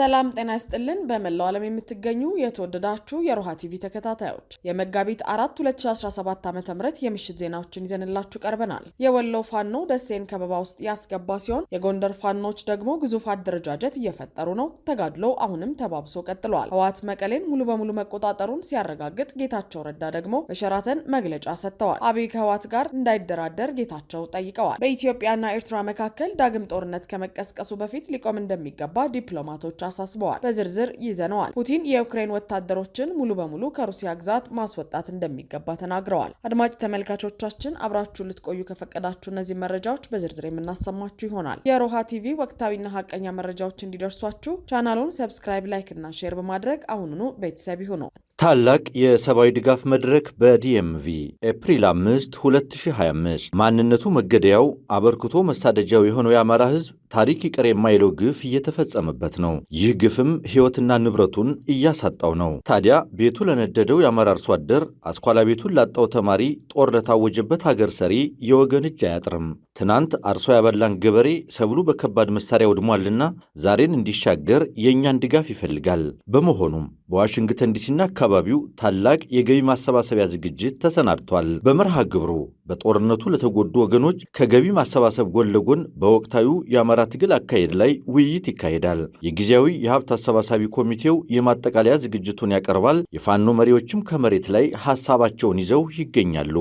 ሰላም ጤና ይስጥልን። በመላው ዓለም የምትገኙ የተወደዳችሁ የሮሃ ቲቪ ተከታታዮች የመጋቢት አራት 2017 ዓ ም የምሽት ዜናዎችን ይዘንላችሁ ቀርበናል። የወሎ ፋኖ ደሴን ከበባ ውስጥ ያስገባ ሲሆን የጎንደር ፋኖች ደግሞ ግዙፍ አደረጃጀት እየፈጠሩ ነው። ተጋድሎ አሁንም ተባብሶ ቀጥሏል። ህወሓት መቀሌን ሙሉ በሙሉ መቆጣጠሩን ሲያረጋግጥ፣ ጌታቸው ረዳ ደግሞ በሸራተን መግለጫ ሰጥተዋል። አብይ ከህወሓት ጋር እንዳይደራደር ጌታቸው ጠይቀዋል። በኢትዮጵያና ኤርትራ መካከል ዳግም ጦርነት ከመቀስቀሱ በፊት ሊቆም እንደሚገባ ዲፕሎማቶች አሳስበዋል። በዝርዝር ይዘነዋል። ፑቲን የዩክሬን ወታደሮችን ሙሉ በሙሉ ከሩሲያ ግዛት ማስወጣት እንደሚገባ ተናግረዋል። አድማጭ ተመልካቾቻችን አብራችሁ ልትቆዩ ከፈቀዳችሁ እነዚህ መረጃዎች በዝርዝር የምናሰማችሁ ይሆናል። የሮሃ ቲቪ ወቅታዊና ሀቀኛ መረጃዎች እንዲደርሷችሁ ቻናሉን ሰብስክራይብ፣ ላይክ እና ሼር በማድረግ አሁኑኑ ቤተሰብ ይሁኑ። ታላቅ የሰብአዊ ድጋፍ መድረክ በዲኤምቪ ኤፕሪል 5 2025 ማንነቱ መገደያው አበርክቶ መሳደጃው የሆነው የአማራ ሕዝብ ታሪክ ይቅር የማይለው ግፍ እየተፈጸመበት ነው። ይህ ግፍም ሕይወትና ንብረቱን እያሳጣው ነው። ታዲያ ቤቱ ለነደደው የአማራ አርሶ አደር፣ አስኳላ ቤቱን ላጣው ተማሪ፣ ጦር ለታወጀበት ሀገር ሰሪ የወገን እጅ አያጥርም። ትናንት አርሶ ያበላን ገበሬ ሰብሉ በከባድ መሳሪያ ወድሟልና ዛሬን እንዲሻገር የእኛን ድጋፍ ይፈልጋል። በመሆኑም በዋሽንግተን ዲሲና አካባቢው ታላቅ የገቢ ማሰባሰቢያ ዝግጅት ተሰናድቷል። በመርሃ ግብሩ በጦርነቱ ለተጎዱ ወገኖች ከገቢ ማሰባሰብ ጎን ለጎን በወቅታዊ የአማራ ትግል አካሄድ ላይ ውይይት ይካሄዳል። የጊዜያዊ የሀብት አሰባሳቢ ኮሚቴው የማጠቃለያ ዝግጅቱን ያቀርባል። የፋኖ መሪዎችም ከመሬት ላይ ሀሳባቸውን ይዘው ይገኛሉ።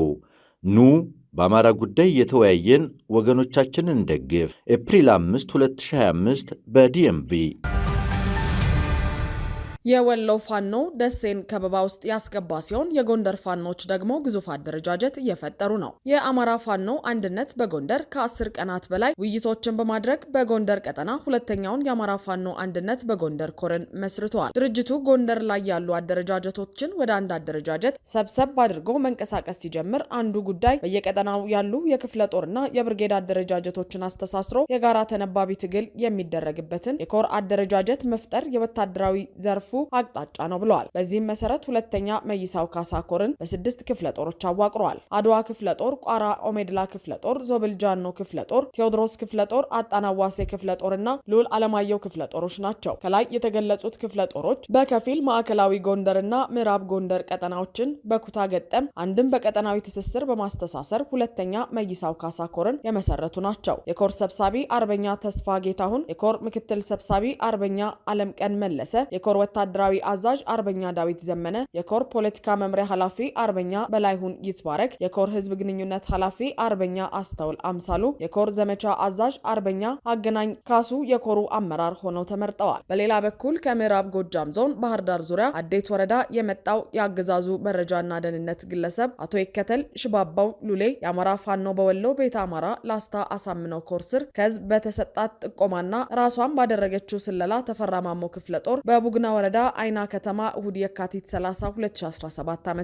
ኑ በአማራ ጉዳይ የተወያየን ወገኖቻችንን ደግፍ። ኤፕሪል 5 2025 በዲኤምቪ የወሎ ፋኖ ደሴን ከበባ ውስጥ ያስገባ ሲሆን የጎንደር ፋኖች ደግሞ ግዙፍ አደረጃጀት እየፈጠሩ ነው። የአማራ ፋኖ አንድነት በጎንደር ከአስር ቀናት በላይ ውይይቶችን በማድረግ በጎንደር ቀጠና ሁለተኛውን የአማራ ፋኖ አንድነት በጎንደር ኮርን መስርተዋል። ድርጅቱ ጎንደር ላይ ያሉ አደረጃጀቶችን ወደ አንድ አደረጃጀት ሰብሰብ አድርጎ መንቀሳቀስ ሲጀምር አንዱ ጉዳይ በየቀጠናው ያሉ የክፍለ ጦርና የብርጌድ አደረጃጀቶችን አስተሳስሮ የጋራ ተነባቢ ትግል የሚደረግበትን የኮር አደረጃጀት መፍጠር የወታደራዊ ዘርፉ አቅጣጫ ነው ብለዋል። በዚህም መሰረት ሁለተኛ መይሳው ካሳ ኮርን በስድስት ክፍለ ጦሮች አዋቅረዋል። አድዋ ክፍለ ጦር፣ ቋራ ኦሜድላ ክፍለ ጦር፣ ዞብል ጃኖ ክፍለ ጦር፣ ቴዎድሮስ ክፍለ ጦር፣ አጣናዋሴ ክፍለ ጦር እና ልዑል አለማየሁ ክፍለ ጦሮች ናቸው። ከላይ የተገለጹት ክፍለ ጦሮች በከፊል ማዕከላዊ ጎንደር እና ምዕራብ ጎንደር ቀጠናዎችን በኩታ ገጠም አንድም በቀጠናዊ ትስስር በማስተሳሰር ሁለተኛ መይሳው ካሳ ኮርን የመሰረቱ ናቸው። የኮር ሰብሳቢ አርበኛ ተስፋ ጌታሁን፣ የኮር ምክትል ሰብሳቢ አርበኛ ቀን መለሰ፣ የኮር ወታ ወታደራዊ አዛዥ አርበኛ ዳዊት ዘመነ፣ የኮር ፖለቲካ መምሪያ ኃላፊ አርበኛ በላይሁን ይትባረክ፣ የኮር ህዝብ ግንኙነት ኃላፊ አርበኛ አስተውል አምሳሉ፣ የኮር ዘመቻ አዛዥ አርበኛ አገናኝ ካሱ የኮሩ አመራር ሆነው ተመርጠዋል። በሌላ በኩል ከምዕራብ ጎጃም ዞን ባህር ዳር ዙሪያ አዴት ወረዳ የመጣው የአገዛዙ መረጃና ደህንነት ግለሰብ አቶ ይከተል ሽባባው ሉሌ የአማራ ፋኖ በወሎ ቤተ አማራ ላስታ አሳምነው ኮር ስር ከህዝብ በተሰጣት ጥቆማና ራሷን ባደረገችው ስለላ ተፈራማሞ ክፍለ ጦር በቡግና ወረዳ ወረዳ አይና ከተማ እሁድ የካቲት 30 2017 ዓ.ም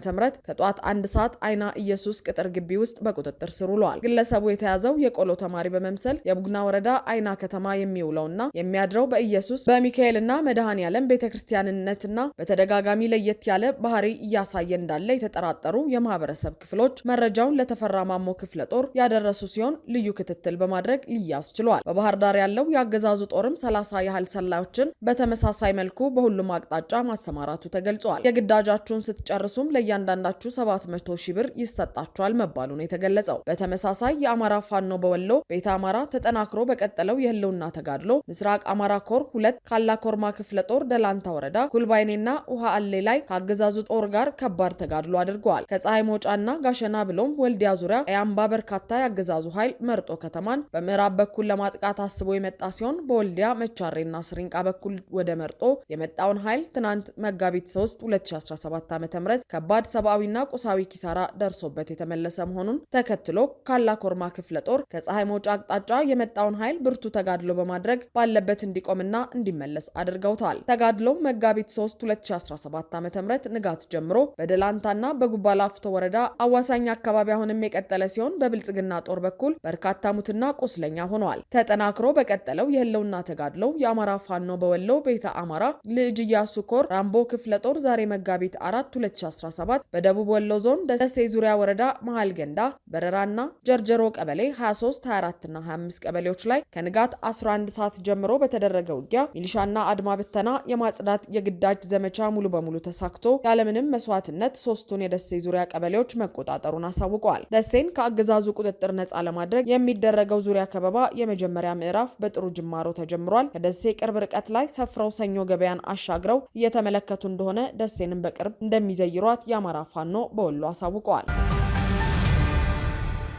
ከጠዋት አንድ ሰዓት አይና ኢየሱስ ቅጥር ግቢ ውስጥ በቁጥጥር ስር ውሏል። ግለሰቡ የተያዘው የቆሎ ተማሪ በመምሰል የቡግና ወረዳ አይና ከተማ የሚውለውና የሚያድረው በኢየሱስ በሚካኤልና መድሃን ዓለም ቤተ ክርስቲያንነትና በተደጋጋሚ ለየት ያለ ባህሪ እያሳየ እንዳለ የተጠራጠሩ የማህበረሰብ ክፍሎች መረጃውን ለተፈራ ማሞ ክፍለ ጦር ያደረሱ ሲሆን ልዩ ክትትል በማድረግ ሊያዝ ችሏል። በባህር ዳር ያለው የአገዛዙ ጦርም ሰላሳ ያህል ሰላዮችን በተመሳሳይ መልኩ በሁሉም አቅጣጫ ማሰማራቱ ተገልጿል። የግዳጃችሁን ስትጨርሱም ለእያንዳንዳችሁ 700 ሺ ብር ይሰጣችኋል መባሉ ነው የተገለጸው። በተመሳሳይ የአማራ ፋኖ በወሎ ቤተ አማራ ተጠናክሮ በቀጠለው የህልውና ተጋድሎ ምስራቅ አማራ ኮር ሁለት ካላኮርማ ክፍለ ጦር ደላንታ ወረዳ ኩልባይኔና ውሃ አሌ ላይ ከአገዛዙ ጦር ጋር ከባድ ተጋድሎ አድርገዋል። ከፀሐይ መውጫና ጋሸና ብሎም ወልዲያ ዙሪያ ቀያምባ በርካታ የአገዛዙ ኃይል መርጦ ከተማን በምዕራብ በኩል ለማጥቃት አስቦ የመጣ ሲሆን በወልዲያ መቻሬና ስሪንቃ በኩል ወደ መርጦ የመጣውን ኃይል ትናንት መጋቢት 3 2017 ዓ.ም ከባድ ሰብአዊና ቁሳዊ ኪሳራ ደርሶበት የተመለሰ መሆኑን ተከትሎ ካላኮርማ ክፍለ ጦር ከፀሐይ መውጫ አቅጣጫ የመጣውን ኃይል ብርቱ ተጋድሎ በማድረግ ባለበት እንዲቆምና እንዲመለስ አድርገውታል። ተጋድሎም መጋቢት 3 2017 ዓ.ም ንጋት ጀምሮ በደላንታና በጉባ ላፍቶ ወረዳ አዋሳኝ አካባቢ አሁንም የቀጠለ ሲሆን በብልጽግና ጦር በኩል በርካታ ሙትና ቁስለኛ ሆኗል። ተጠናክሮ በቀጠለው የህልውና ተጋድሎ የአማራ ፋኖ በወሎ ቤተ አማራ ልጅ ኢያሱ ኮር ራምቦ ክፍለ ጦር ዛሬ መጋቢት 4 2017 በደቡብ ወሎ ዞን ደሴ ዙሪያ ወረዳ መሃል ገንዳ በረራና ጀርጀሮ ቀበሌ 23፣ 24 እና 25 ቀበሌዎች ላይ ከንጋት 11 ሰዓት ጀምሮ በተደረገ ውጊያ ሚሊሻና አድማ ብተና የማጽዳት የግዳጅ ዘመቻ ሙሉ በሙሉ ተሳክቶ ያለምንም መስዋዕትነት ሶስቱን የደሴ ዙሪያ ቀበሌዎች መቆጣጠሩን አሳውቀዋል። ደሴን ከአገዛዙ ቁጥጥር ነጻ ለማድረግ የሚደረገው ዙሪያ ከበባ የመጀመሪያ ምዕራፍ በጥሩ ጅማሮ ተጀምሯል። ከደሴ ቅርብ ርቀት ላይ ሰፍረው ሰኞ ገበያን አሻገ ተናግረው እየተመለከቱ እንደሆነ ደሴንም በቅርብ እንደሚዘይሯት የአማራ ፋኖ በወሎ አሳውቀዋል።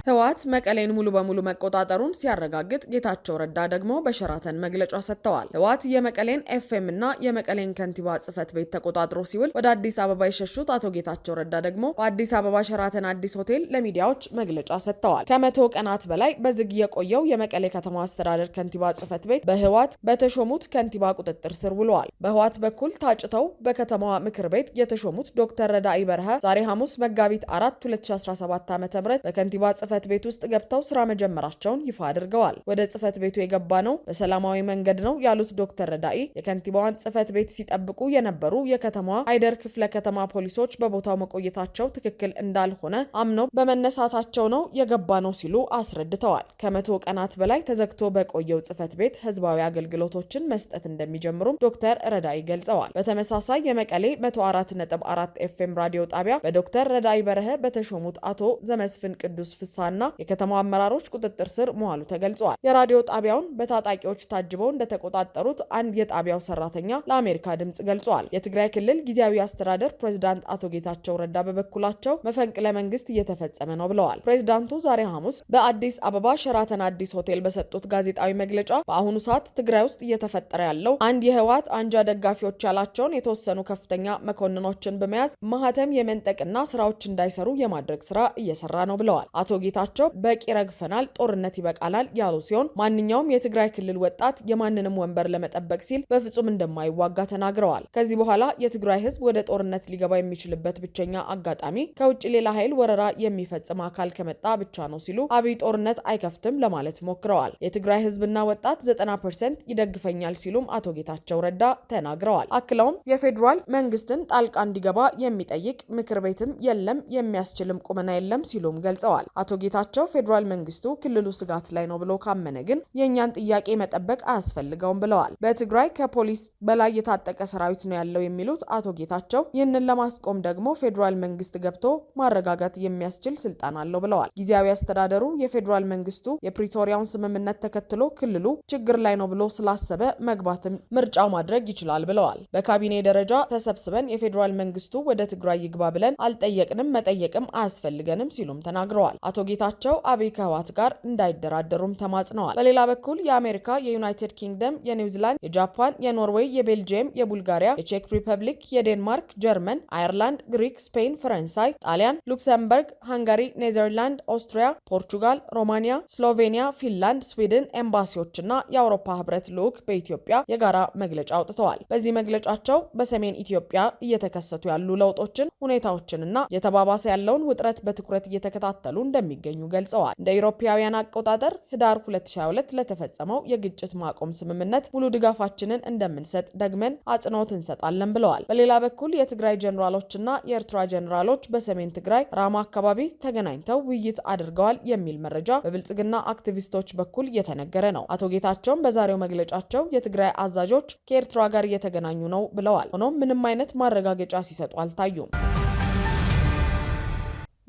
ህወሓት መቀሌን ሙሉ በሙሉ መቆጣጠሩን ሲያረጋግጥ፣ ጌታቸው ረዳ ደግሞ በሸራተን መግለጫ ሰጥተዋል። ህወሓት የመቀሌን ኤፍኤም እና የመቀሌን ከንቲባ ጽህፈት ቤት ተቆጣጥሮ ሲውል ወደ አዲስ አበባ የሸሹት አቶ ጌታቸው ረዳ ደግሞ በአዲስ አበባ ሸራተን አዲስ ሆቴል ለሚዲያዎች መግለጫ ሰጥተዋል። ከመቶ ቀናት በላይ በዝግ የቆየው የመቀሌ ከተማ አስተዳደር ከንቲባ ጽህፈት ቤት በህወሓት በተሾሙት ከንቲባ ቁጥጥር ስር ውለዋል። በህወሓት በኩል ታጭተው በከተማዋ ምክር ቤት የተሾሙት ዶክተር ረዳኢ በርሀ ዛሬ ሐሙስ መጋቢት አራት 2017 ዓ ም በከንቲባ ጽህፈት ጽህፈት ቤት ውስጥ ገብተው ስራ መጀመራቸውን ይፋ አድርገዋል። ወደ ጽህፈት ቤቱ የገባ ነው በሰላማዊ መንገድ ነው ያሉት ዶክተር ረዳኢ የከንቲባዋን ጽህፈት ቤት ሲጠብቁ የነበሩ የከተማዋ አይደር ክፍለ ከተማ ፖሊሶች በቦታው መቆየታቸው ትክክል እንዳልሆነ አምነው በመነሳታቸው ነው የገባ ነው ሲሉ አስረድተዋል። ከመቶ ቀናት በላይ ተዘግቶ በቆየው ጽህፈት ቤት ህዝባዊ አገልግሎቶችን መስጠት እንደሚጀምሩም ዶክተር ረዳኢ ገልጸዋል። በተመሳሳይ የመቀሌ 104.4 ኤፍኤም ራዲዮ ጣቢያ በዶክተር ረዳኢ በረሀ በተሾሙት አቶ ዘመስፍን ቅዱስ ፍሳ ፋኖና የከተማ አመራሮች ቁጥጥር ስር መዋሉ ተገልጿል። የራዲዮ ጣቢያውን በታጣቂዎች ታጅበው እንደተቆጣጠሩት አንድ የጣቢያው ሰራተኛ ለአሜሪካ ድምጽ ገልጿል። የትግራይ ክልል ጊዜያዊ አስተዳደር ፕሬዚዳንት አቶ ጌታቸው ረዳ በበኩላቸው መፈንቅለ መንግስት እየተፈጸመ ነው ብለዋል። ፕሬዚዳንቱ ዛሬ ሐሙስ በአዲስ አበባ ሸራተን አዲስ ሆቴል በሰጡት ጋዜጣዊ መግለጫ በአሁኑ ሰዓት ትግራይ ውስጥ እየተፈጠረ ያለው አንድ የህወሓት አንጃ ደጋፊዎች ያላቸውን የተወሰኑ ከፍተኛ መኮንኖችን በመያዝ ማህተም የመንጠቅና ስራዎች እንዳይሰሩ የማድረግ ስራ እየሰራ ነው ብለዋል። አቶ ጌታቸው በቂ ረግፈናል፣ ጦርነት ይበቃላል ያሉ ሲሆን ማንኛውም የትግራይ ክልል ወጣት የማንንም ወንበር ለመጠበቅ ሲል በፍጹም እንደማይዋጋ ተናግረዋል። ከዚህ በኋላ የትግራይ ህዝብ ወደ ጦርነት ሊገባ የሚችልበት ብቸኛ አጋጣሚ ከውጭ ሌላ ኃይል ወረራ የሚፈጽም አካል ከመጣ ብቻ ነው ሲሉ አብይ ጦርነት አይከፍትም ለማለት ሞክረዋል። የትግራይ ህዝብና ወጣት 90 ፐርሰንት ይደግፈኛል ሲሉም አቶ ጌታቸው ረዳ ተናግረዋል። አክለውም የፌዴራል መንግስትን ጣልቃ እንዲገባ የሚጠይቅ ምክር ቤትም የለም የሚያስችልም ቁመና የለም ሲሉም ገልጸዋል። አቶ ጌታቸው ፌዴራል መንግስቱ ክልሉ ስጋት ላይ ነው ብሎ ካመነ ግን የእኛን ጥያቄ መጠበቅ አያስፈልገውም ብለዋል። በትግራይ ከፖሊስ በላይ የታጠቀ ሰራዊት ነው ያለው የሚሉት አቶ ጌታቸው ይህንን ለማስቆም ደግሞ ፌዴራል መንግስት ገብቶ ማረጋጋት የሚያስችል ስልጣን አለው ብለዋል። ጊዜያዊ አስተዳደሩ የፌዴራል መንግስቱ የፕሪቶሪያውን ስምምነት ተከትሎ ክልሉ ችግር ላይ ነው ብሎ ስላሰበ መግባትም ምርጫው ማድረግ ይችላል ብለዋል። በካቢኔ ደረጃ ተሰብስበን የፌዴራል መንግስቱ ወደ ትግራይ ይግባ ብለን አልጠየቅንም፣ መጠየቅም አያስፈልገንም ሲሉም ተናግረዋል። አቶ ጌታቸው አብይ ከህወሓት ጋር እንዳይደራደሩም ተማጽነዋል። በሌላ በኩል የአሜሪካ፣ የዩናይትድ ኪንግደም፣ የኒውዚላንድ፣ የጃፓን፣ የኖርዌይ፣ የቤልጅየም፣ የቡልጋሪያ፣ የቼክ ሪፐብሊክ፣ የዴንማርክ፣ ጀርመን፣ አየርላንድ፣ ግሪክ፣ ስፔን፣ ፈረንሳይ፣ ጣሊያን፣ ሉክሰምበርግ፣ ሃንጋሪ፣ ኔዘርላንድ፣ ኦስትሪያ፣ ፖርቹጋል፣ ሮማኒያ፣ ስሎቬኒያ፣ ፊንላንድ፣ ስዊድን ኤምባሲዎችና የአውሮፓ ህብረት ልዑክ በኢትዮጵያ የጋራ መግለጫ አውጥተዋል። በዚህ መግለጫቸው በሰሜን ኢትዮጵያ እየተከሰቱ ያሉ ለውጦችን፣ ሁኔታዎችንና የተባባሰ ያለውን ውጥረት በትኩረት እየተከታተሉ እንደሚ እንደሚገኙ ገልጸዋል። እንደ ኢሮፓውያን አቆጣጠር ህዳር 2022 ለተፈጸመው የግጭት ማቆም ስምምነት ሙሉ ድጋፋችንን እንደምንሰጥ ደግመን አጽንኦት እንሰጣለን ብለዋል። በሌላ በኩል የትግራይ ጀኔራሎችና የኤርትራ ጀኔራሎች በሰሜን ትግራይ ራማ አካባቢ ተገናኝተው ውይይት አድርገዋል የሚል መረጃ በብልጽግና አክቲቪስቶች በኩል እየተነገረ ነው። አቶ ጌታቸውም በዛሬው መግለጫቸው የትግራይ አዛዦች ከኤርትራ ጋር እየተገናኙ ነው ብለዋል። ሆኖም ምንም አይነት ማረጋገጫ ሲሰጡ አልታዩም።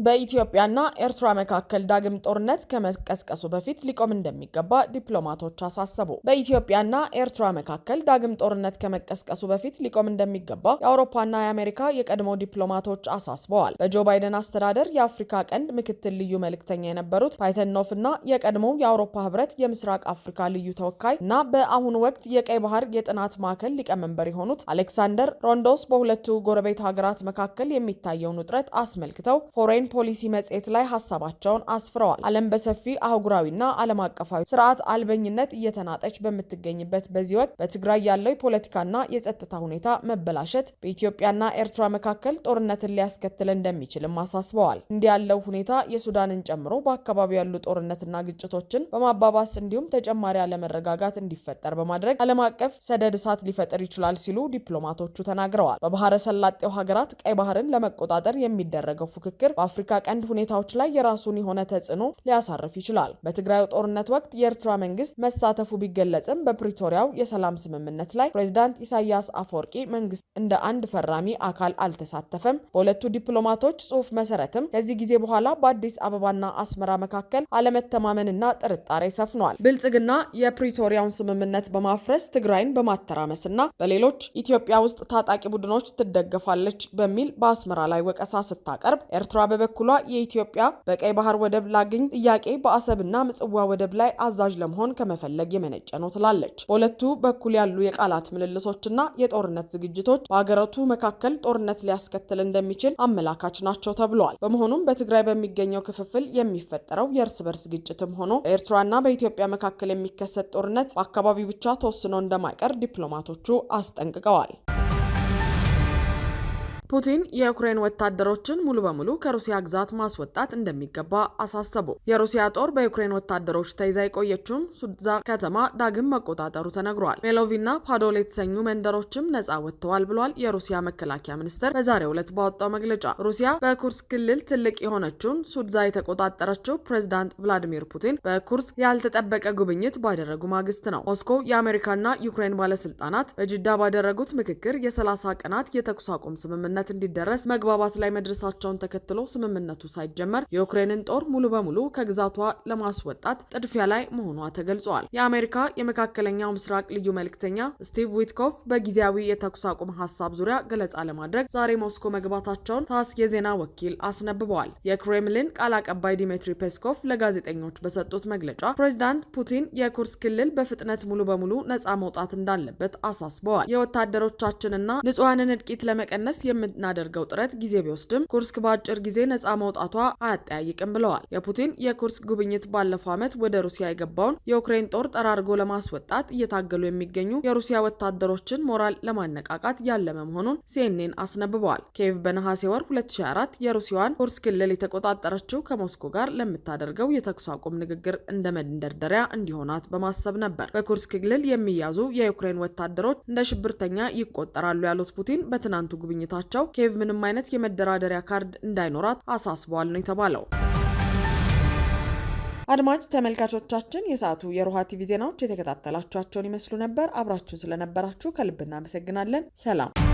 በኢትዮጵያና ኤርትራ መካከል ዳግም ጦርነት ከመቀስቀሱ በፊት ሊቆም እንደሚገባ ዲፕሎማቶች አሳሰቡ። በኢትዮጵያና ኤርትራ መካከል ዳግም ጦርነት ከመቀስቀሱ በፊት ሊቆም እንደሚገባ የአውሮፓና የአሜሪካ የቀድሞ ዲፕሎማቶች አሳስበዋል። በጆ ባይደን አስተዳደር የአፍሪካ ቀንድ ምክትል ልዩ መልእክተኛ የነበሩት ፓይተንኖፍ እና የቀድሞው የአውሮፓ ህብረት የምስራቅ አፍሪካ ልዩ ተወካይ እና በአሁኑ ወቅት የቀይ ባህር የጥናት ማዕከል ሊቀመንበር የሆኑት አሌክሳንደር ሮንዶስ በሁለቱ ጎረቤት ሀገራት መካከል የሚታየውን ውጥረት አስመልክተው ፎሬን ወይም ፖሊሲ መጽሔት ላይ ሀሳባቸውን አስፍረዋል። ዓለም በሰፊ አህጉራዊና ዓለም አቀፋዊ ስርዓት አልበኝነት እየተናጠች በምትገኝበት በዚህ ወቅት በትግራይ ያለው የፖለቲካና የጸጥታ ሁኔታ መበላሸት በኢትዮጵያና ኤርትራ መካከል ጦርነትን ሊያስከትል እንደሚችልም አሳስበዋል። እንዲህ ያለው ሁኔታ የሱዳንን ጨምሮ በአካባቢው ያሉ ጦርነትና ግጭቶችን በማባባስ እንዲሁም ተጨማሪ አለመረጋጋት እንዲፈጠር በማድረግ ዓለም አቀፍ ሰደድ እሳት ሊፈጥር ይችላል ሲሉ ዲፕሎማቶቹ ተናግረዋል። በባህረ ሰላጤው ሀገራት ቀይ ባህርን ለመቆጣጠር የሚደረገው ፉክክር የአፍሪካ ቀንድ ሁኔታዎች ላይ የራሱን የሆነ ተጽዕኖ ሊያሳርፍ ይችላል። በትግራዩ ጦርነት ወቅት የኤርትራ መንግስት መሳተፉ ቢገለጽም በፕሪቶሪያው የሰላም ስምምነት ላይ ፕሬዚዳንት ኢሳያስ አፈወርቂ መንግስት እንደ አንድ ፈራሚ አካል አልተሳተፈም። በሁለቱ ዲፕሎማቶች ጽሁፍ መሰረትም ከዚህ ጊዜ በኋላ በአዲስ አበባና አስመራ መካከል አለመተማመንና ጥርጣሬ ሰፍኗል። ብልጽግና የፕሪቶሪያውን ስምምነት በማፍረስ ትግራይን በማተራመስና በሌሎች ኢትዮጵያ ውስጥ ታጣቂ ቡድኖች ትደገፋለች በሚል በአስመራ ላይ ወቀሳ ስታቀርብ ኤርትራ በበ በበኩሏ የኢትዮጵያ በቀይ ባህር ወደብ ላግኝ ጥያቄ በአሰብና ምጽዋ ወደብ ላይ አዛዥ ለመሆን ከመፈለግ የመነጨ ነው ትላለች። በሁለቱ በኩል ያሉ የቃላት ምልልሶችና የጦርነት ዝግጅቶች በሀገራቱ መካከል ጦርነት ሊያስከትል እንደሚችል አመላካች ናቸው ተብለዋል። በመሆኑም በትግራይ በሚገኘው ክፍፍል የሚፈጠረው የእርስ በርስ ግጭትም ሆኖ በኤርትራና በኢትዮጵያ መካከል የሚከሰት ጦርነት በአካባቢው ብቻ ተወስኖ እንደማይቀር ዲፕሎማቶቹ አስጠንቅቀዋል። ፑቲን የዩክሬን ወታደሮችን ሙሉ በሙሉ ከሩሲያ ግዛት ማስወጣት እንደሚገባ አሳሰቡ። የሩሲያ ጦር በዩክሬን ወታደሮች ተይዛ የቆየችውን ሱዛ ከተማ ዳግም መቆጣጠሩ ተነግሯል። ሜሎቪና ፓዶል የተሰኙ መንደሮችም ነጻ ወጥተዋል ብሏል። የሩሲያ መከላከያ ሚኒስቴር በዛሬው ዕለት ባወጣው መግለጫ ሩሲያ በኩርስ ክልል ትልቅ የሆነችውን ሱድዛ የተቆጣጠረችው ፕሬዚዳንት ቭላዲሚር ፑቲን በኩርስ ያልተጠበቀ ጉብኝት ባደረጉ ማግስት ነው። ሞስኮ የአሜሪካና ዩክሬን ባለስልጣናት በጅዳ ባደረጉት ምክክር የ30 ቀናት የተኩስ አቁም ስምምነት ስምምነት እንዲደረስ መግባባት ላይ መድረሳቸውን ተከትሎ ስምምነቱ ሳይጀመር የዩክሬንን ጦር ሙሉ በሙሉ ከግዛቷ ለማስወጣት ጥድፊያ ላይ መሆኗ ተገልጿል። የአሜሪካ የመካከለኛው ምስራቅ ልዩ መልእክተኛ ስቲቭ ዊትኮፍ በጊዜያዊ የተኩስ አቁም ሀሳብ ዙሪያ ገለጻ ለማድረግ ዛሬ ሞስኮ መግባታቸውን ታስ የዜና ወኪል አስነብበዋል። የክሬምሊን ቃል አቀባይ ዲሜትሪ ፔስኮቭ ለጋዜጠኞች በሰጡት መግለጫ ፕሬዚዳንት ፑቲን የኩርስ ክልል በፍጥነት ሙሉ በሙሉ ነጻ መውጣት እንዳለበት አሳስበዋል። የወታደሮቻችንና ንጹሐንን እድቂት ለመቀነስ የምን የምናደርገው ጥረት ጊዜ ቢወስድም ኩርስክ በአጭር ጊዜ ነጻ መውጣቷ አያጠያይቅም ብለዋል። የፑቲን የኩርስክ ጉብኝት ባለፈው ዓመት ወደ ሩሲያ የገባውን የዩክሬን ጦር ጠራርጎ ለማስወጣት እየታገሉ የሚገኙ የሩሲያ ወታደሮችን ሞራል ለማነቃቃት ያለመ መሆኑን ሲኤንኤን አስነብበዋል። ኬቭ በነሐሴ ወር 2024 የሩሲያዋን ኩርስ ክልል የተቆጣጠረችው ከሞስኮ ጋር ለምታደርገው የተኩስ አቁም ንግግር እንደ መንደርደሪያ እንዲሆናት በማሰብ ነበር። በኩርስክ ክልል የሚያዙ የዩክሬን ወታደሮች እንደ ሽብርተኛ ይቆጠራሉ ያሉት ፑቲን በትናንቱ ጉብኝታቸው በመሆናቸው ኬቭ ምንም አይነት የመደራደሪያ ካርድ እንዳይኖራት አሳስበዋል ነው የተባለው። አድማጭ ተመልካቾቻችን የሰዓቱ የሮሃ ቲቪ ዜናዎች የተከታተላችኋቸውን ይመስሉ ነበር። አብራችሁን ስለነበራችሁ ከልብ እናመሰግናለን። ሰላም